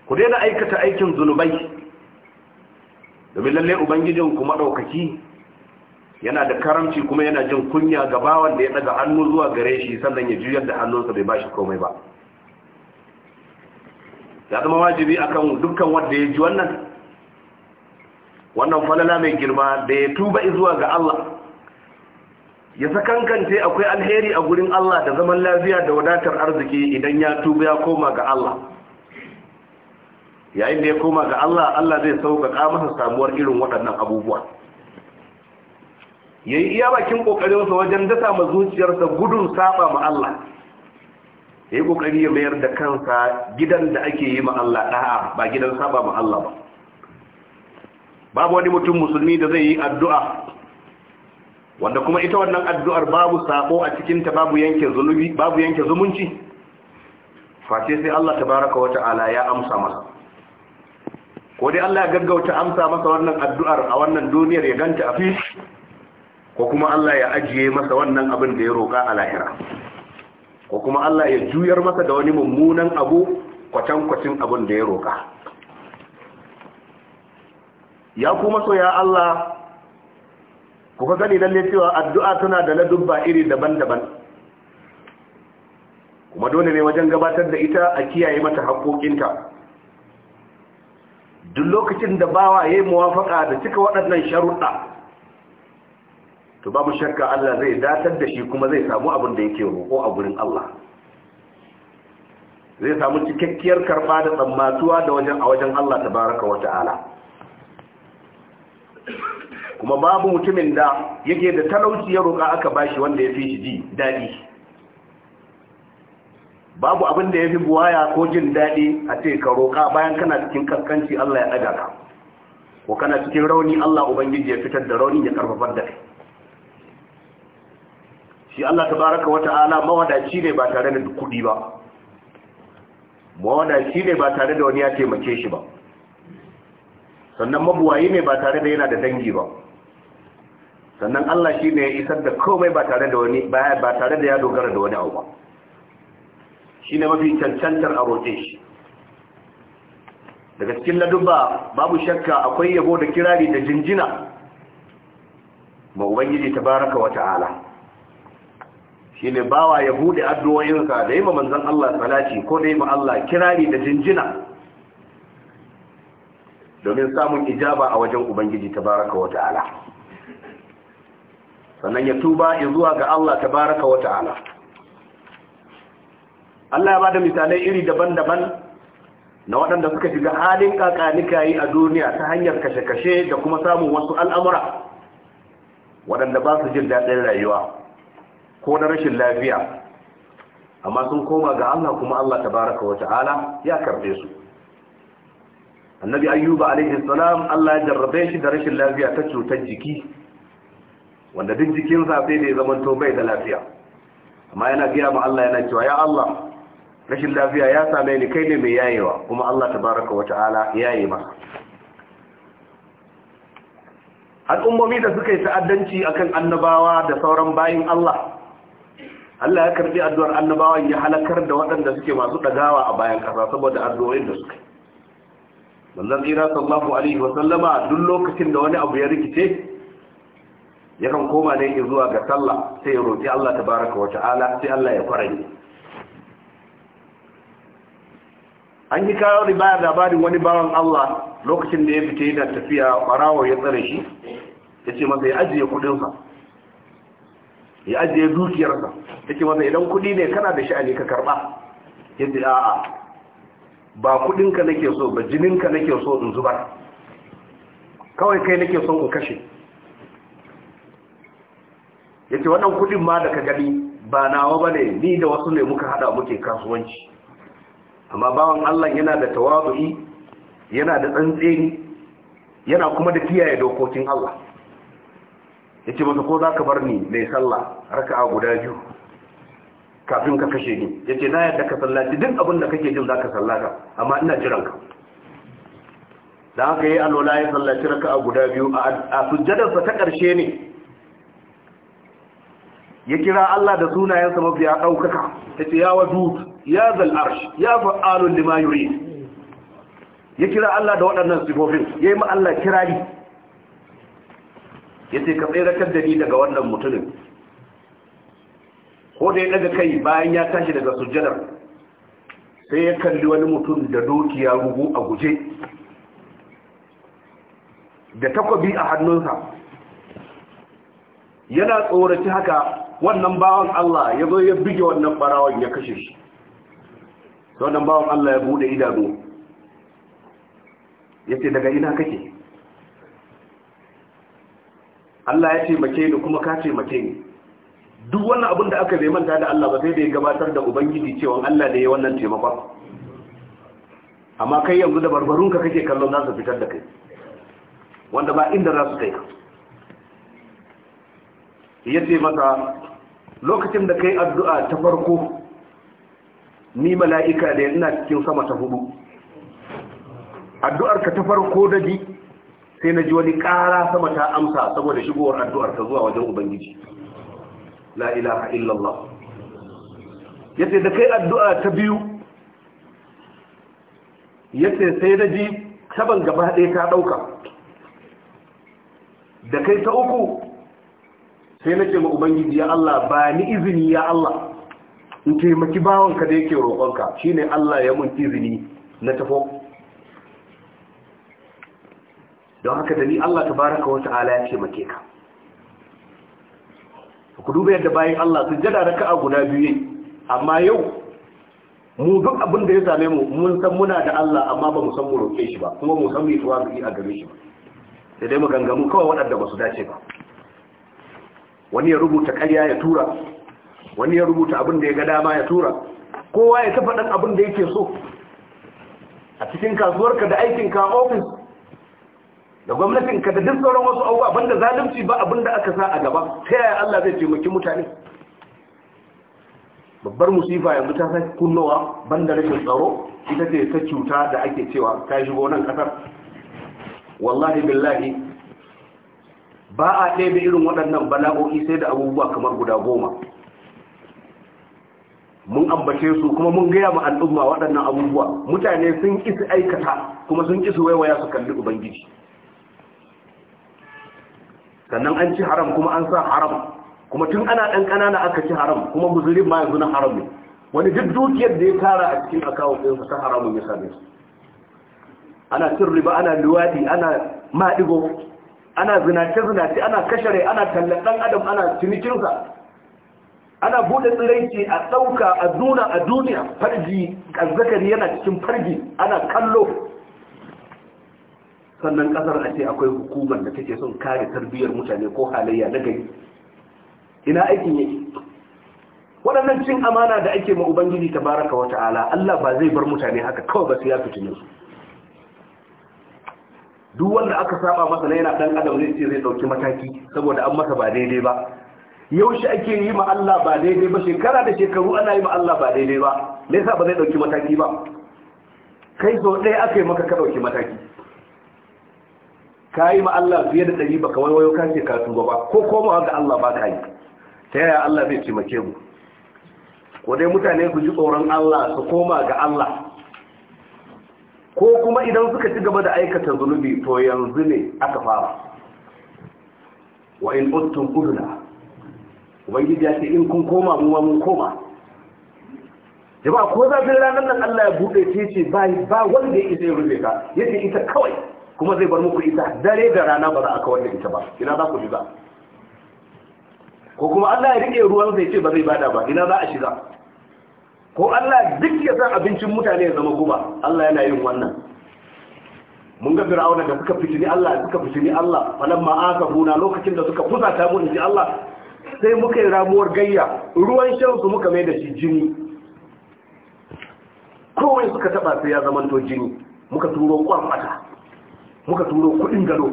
ku daina aikata aikin zunubai domin lalle ubangijin ku madaukaki yana da karamci kuma yana jin kunya ga bawan da ya daga hannu zuwa gare shi sannan ya juyar da hannunsa bai bashi komai ba ya zama wajibi akan dukkan wanda ya ji wannan wannan falala mai girma da ya tuba zuwa ga Allah ya sakankance akwai alheri a gurin Allah da zaman lafiya da wadatar arziki idan ya tuba ya koma ga Allah yayin da ya koma ga Allah Allah zai sauƙaƙa masa samuwar irin waɗannan abubuwa yayi iya bakin sa wajen dasa ma zuciyarsa gudun saba ma Allah yayi kokari ya mayar da kansa gidan da ake yi ma Allah da'a ba gidan saba ma Allah ba babu wani mutum musulmi da zai yi addu'a wanda kuma ita wannan addu'ar babu sabo a cikin ta babu yanke zulubi babu yanke zumunci fa sai Allah tabaraka wa ta'ala ya amsa masa ko dai Allah ya gaggauta amsa masa wannan addu'ar a wannan duniyar ya ganta a fi ko kuma Allah ya ajiye masa wannan abin da ya roƙa a lahira ko kuma Allah ya juyar masa da wani mummunan abu kwacan-kwacin abin da ya roƙa ya kuma so ya Allah ku ka gani lalle cewa addu'a tana da ladubba iri daban-daban kuma dole ne wajen gabatar da ita a kiyaye mata haƙoƙinta duk lokacin da bawa ya yi muwafaka da cika waɗannan sharuɗa to babu shakka Allah zai datar da shi kuma zai samu abin da yake roƙo a gurin Allah zai samu cikakkiyar karɓa da tsammatuwa da wajen a wajen Allah baraka wa ta'ala kuma babu mutumin da yake da talauci ya roƙa aka bashi wanda ya fi shi ji daɗi babu abin da ya fi buwaya ko jin daɗi a ce ka roƙa bayan kana cikin kaskanci Allah ya ɗaga ka ko kana cikin rauni Allah ubangiji ya fitar da rauni ya karfafar da kai shi Allah tabaraka wa ta'ala mawadaci ne ba tare da kuɗi ba mawadaci ne ba tare da wani ya taimake shi ba sannan mabuwayi ne ba tare da yana da dangi ba sannan Allah shi ne ya isar da komai ba tare da wani ba tare da ya dogara da wani abu ba shi ne mafi cancantar a roƙe shi daga cikin ladubba babu shakka akwai yabo da kirari da jinjina ma ubangiji baraka wa ta'ala shi ne bawa ya buɗe addu'o'inka, da yi ma manzan Allah salati ko da yi ma Allah kirari da jinjina domin samun ijaba a wajen ubangiji ta baraka wa ta'ala sannan ya tuba ya zuwa ga Allah ta baraka wa ta'ala Allah ya bada misalai iri daban-daban na waɗanda suka shiga halin ƙaƙanika yi a duniya ta hanyar kashe-kashe da kuma samun wasu al'amura waɗanda ba su jin daɗin rayuwa ko na rashin lafiya amma sun koma ga Allah kuma Allah baraka wa ta'ala ya karɓe su annabi ayyuba alaihi salam Allah ya jarrabe shi da rashin lafiya ta cutar jiki wanda duk jikinsa sai da ya zamanto bai da lafiya amma yana biya ma Allah yana cewa ya Allah rashin lafiya ya same ni kai ne mai yayewa kuma Allah tabaraka wata'ala yaye masa al'ummomi da suka yi ta'addanci akan annabawa da sauran bayin Allah Allah ya karbi addu'ar annabawa ya halakar da waɗanda suke masu ɗagawa a bayan ƙasa saboda addu'o'in da suka yi manzon tsira sallallahu alaihi wa sallama duk lokacin da wani abu ya rikice ya kan koma ne zuwa ga sallah sai ya roki Allah tabaraka wa ta'ala sai Allah ya faranye an yi kawo ribayar labarin wani bawan Allah lokacin da ya fita yana tafiya barawo ya tsare shi ya ce masa ya ajiye kudinsa ya ajiye dukiyarsa ya ce masa idan kudi ne kana da sha'ani ka karba ya ce a'a ba kudinka nake so ba jininka nake so in zubar kawai kai nake son in kashe ya ce wannan kudin ma da ka gani ba nawa ba ne ni da wasu ne muka hada muke kasuwanci amma bawan Allah yana da tawadu'i yana da tsantseni yana kuma da kiyaye dokokin Allah yace masa ko zaka bar ni mai sallah raka'a guda biyu kafin ka kashe ni yace na yadda ka sallaci duk abin da kake jin zaka sallaka, amma ina jiran ka dan haka yayi alwala ya sallaci raka'a guda biyu a sa ta karshe ne ya kira Allah da sunayensa mafi ɗaukaka ta ce ya wadu ya zal'arsh ya fa'alun lima yuri ya kira Allah da waɗannan sifofin ya yi ma'alla kirari ya ce ka tseratar da ni daga wannan mutumin ko da ya ɗaga kai bayan ya tashi daga sujjadar sai ya kalli wani mutum da dokiya rugu a guje da takwabi a hannunsa yana tsoraci haka wannan bawan Allah ya zo ya bige wannan barawan ya kashe shi wannan bawan Allah ya bude idanu ya ce daga ina kake Allah ya ce mace ni kuma ka ce mace ni duk wannan abin da aka manta da Allah ba sai da ya gabatar da ubangiji cewa Allah da ya wannan taimakon amma kai yanzu da barbarunka kake kallon za su fitar da kai wanda ba inda za su kai ka ya ce masa lokacin da kai addu'a ta farko ni mala'ika da ina cikin sama ta hudu addu'arka ta farko da ji sai na ji wani ƙara sama ta amsa saboda shigowar addu'arka zuwa wajen ubangiji la ilaha illallah ya ce da kai addu'a ta biyu ya ce sai na ji saban gaba ɗaya ta ɗauka da kai ta uku sai nake ma ubangiji ya Allah ba ni izini ya Allah in taimaki bawanka da yake roƙonka shine Allah ya mun izini na tafo don haka da ni Allah tabaraka wa ta'ala ya taimake ka ku duba yadda bayan Allah sun jada raka'a guda biyu amma yau mu duk abin da ya same mu mun san muna da Allah amma ba mu san mu roƙe shi ba kuma mu san mu yi tuwa a gare shi ba sai dai mu gangamu kawai waɗanda ba su dace ba wani ya rubuta karya ya tura wani ya rubuta abin da ya ga dama ya tura kowa ya tafa ɗan abin da yake so a cikin kasuwarka da aikin a ofis da gwamnatin ka da duk sauran wasu abubuwa banda zalunci ba abin da aka sa a gaba ta yaya Allah zai taimaki mutane babbar musifa yanzu ta sai kunnowa banda rashin tsaro ita ce ta cuta da ake cewa ta shigo nan kasar wallahi billahi ba a ɗebe irin waɗannan bala'o'i sai da abubuwa kamar guda goma mun ambace su kuma mun gaya ma al'umma waɗannan abubuwa mutane sun kisi aikata kuma sun kisi waiwaya su kalli ubangiji sannan an ci haram kuma an sa haram kuma tun ana ɗan ƙanana aka ci haram kuma musulun ma yanzu na haram ne wani duk dukiyar da ya tara a cikin akawun ɗinsa ta haramun ya same su ana cin riba ana luwaɗi ana maɗigo ana zinace-zinace ana kashare ana tallan ɗan adam ana cinikinsa ana buɗe tsiraici a ɗauka a nuna a duniya farji azzakari yana cikin farji ana kallo sannan ƙasar a ce akwai hukumar da take son kare tarbiyyar mutane ko halayya na gari ina aikin yake waɗannan cin amana da ake ma ubangiji ta baraka wata ala, allah ba zai bar mutane haka kawai ba su ya fitinsu duk wanda aka saba masa na yana dan adam ne sai zai dauki mataki saboda an masa ba daidai ba yaushe ake yi ma Allah ba daidai ba shekara da shekaru ana yi ma Allah ba daidai ba me yasa ba zai dauki mataki ba kai so ɗaya aka yi maka ka dauki mataki ka ma Allah fiye da ɗari baka waiwayo ka ce ka tuba ba ko komawa ga Allah ba kai ta yaya Allah zai taimake mu ko dai mutane ku ji tsoron Allah su koma ga Allah ko kuma idan suka ci gaba da aikata zunubi to yanzu ne aka fara wa in uttun udna ubangiji ya ce in kun koma mu ma mun koma jama'a ko zafin ranar nan Allah ya buɗe ce ce ba ba wanda ya isa ya rufe ka yace ita kawai kuma zai bar muku ita dare da rana ba za a kawar da ita ba ina za ku shiga ko kuma Allah ya rike ruwan zai ce ba zai bada ba ina za a shiga ko Allah duk ya san abincin mutane ya zama guba Allah yana yin wannan mun ga fir'auna da suka fitini Allah suka fitini Allah falan ma aka huna lokacin da suka fusata mu inji Allah sai muka yi ramuwar gayya ruwan shan su muka mai da shi jini kowai suka taba sai ya to jini muka turo kwarmata muka turo kudin gado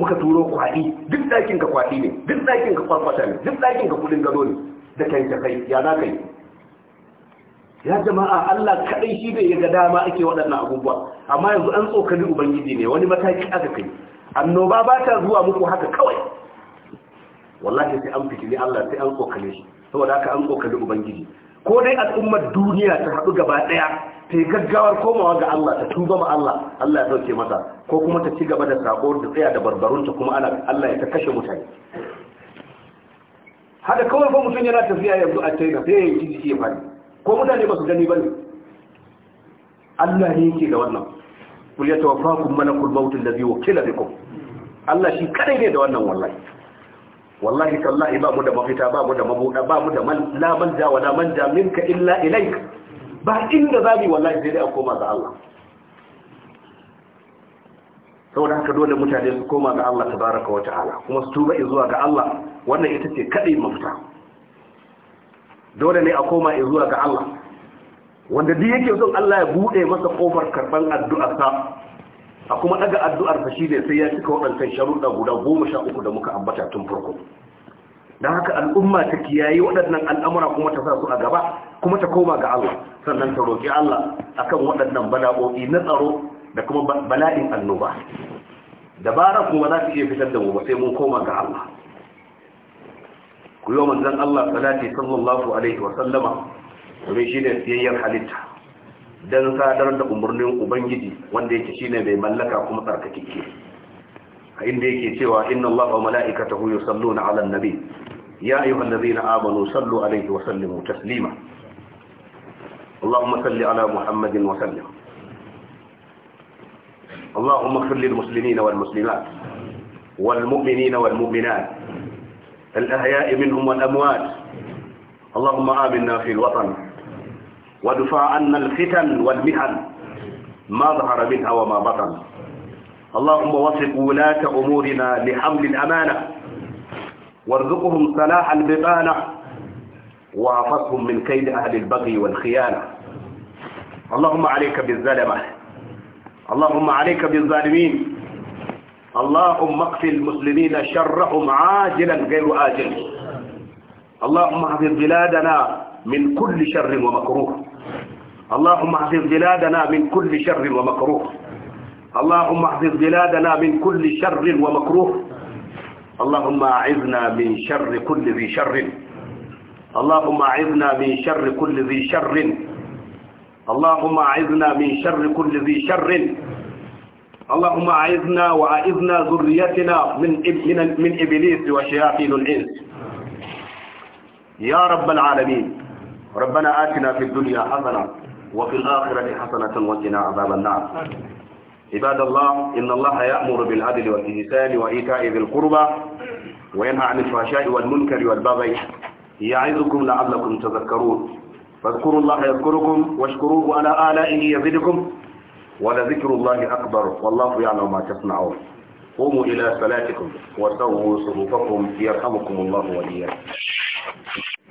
muka turo kwadi duk dakin ka kwadi ne duk dakin ka kwarmata ne duk dakin ka kudin gado ne da kai ta kai ya za ka yi ya jama'a Allah kaɗai shi bai ga dama ake waɗannan abubuwa amma yanzu an tsokali ubangiji ne wani mataki aka kai annoba ba ta zuwa muku haka kawai wallahi sai an fitini Allah sai an tsokale shi saboda haka an tsokali ubangiji ko dai al'ummar duniya ta haɗu gaba ɗaya ta yi gaggawar komawa ga Allah ta tuba ma Allah Allah ya dauke mata ko kuma ta ci gaba da sako da tsaya da barbarunta kuma ana Allah ya ta kashe mutane haka kawai fa mutum yana tafiya yanzu a China sai ya yi jiki ya fadi ko mutane ba su gani ba ne Allah ne yake da wannan kul yatawaffakum malakul maut allazi wukila bikum Allah shi kadai ne da wannan wallahi wallahi tallahi ba mu da mafita ba mu da mabuda ba mu da man la manja wa la manja minka illa ilaik ba inda zabi wallahi sai dai a koma ga Allah saboda haka dole mutane su koma ga Allah tabaraka wa ta'ala kuma su tuba zuwa ga Allah wannan ita ce kadai mafita dole ne a koma zuwa ga Allah wanda duk yake son Allah ya bude masa kofar karban addu'arsa a kuma daga addu'ar fa shine sai ya cika waɗannan sharuɗa guda 13 da muka ambata tun farko dan haka al'umma ta kiyaye waɗannan al'amura kuma ta sa su a gaba kuma ta koma ga Allah sannan ta roki Allah akan waɗannan bala'o'i na tsaro da kuma bala'in annoba dabara kuma za ta iya fitar da mu sai mun koma ga Allah ku yi wa manzan Allah salati sallallahu alaihi wa sallama domin shi ne siyayyar halitta don sadar da umarnin ubangiji wanda yake shi ne mai mallaka kuma tsarkakeke a inda yake cewa inna Allah wa mala'ikatahu yusalluna 'alan nabi ya ayyuhan na amanu sallu alaihi wa sallimu taslima اللهم صل على محمد وسلم اللهم اغفر للمسلمين والمسلمات والمؤمنين والمؤمنات الأحياء منهم والأموات اللهم آمنا في الوطن ودفع عنا الفتن والمحن ما ظهر منها وما بطن اللهم وفق ولاة أمورنا لحمل الأمانة وارزقهم صلاح البطانة وعفصهم من كيد أهل البغي والخيانة اللهم عليك بالظلمة اللهم عليك بالظالمين اللهم اقف المسلمين شرهم عاجلا غير آجل اللهم احفظ بلادنا من كل شر ومكروه اللهم احفظ بلادنا من كل شر ومكروه اللهم احفظ بلادنا من كل شر ومكروه اللهم اعذنا من شر كل ذي شر اللهم اعذنا من شر كل ذي شر اللهم اعذنا من شر كل ذي شر اللهم أعذنا وأعذنا ذريتنا من من من إبليس وشياطين الإنس يا رب العالمين ربنا آتنا في الدنيا حسنة وفي الآخرة حسنة وقنا عذاب النار عباد الله إن الله يأمر بالعدل والإحسان وإيتاء ذي القربى وينهى عن الفحشاء والمنكر والبغي يعظكم لعلكم تذكرون فاذكروا الله يذكركم واشكروه على آلائه يزدكم ولذكر الله أكبر والله يعلم ما تصنعون قوموا إلى صلاتكم وسووا صفوفكم يرحمكم الله وإياكم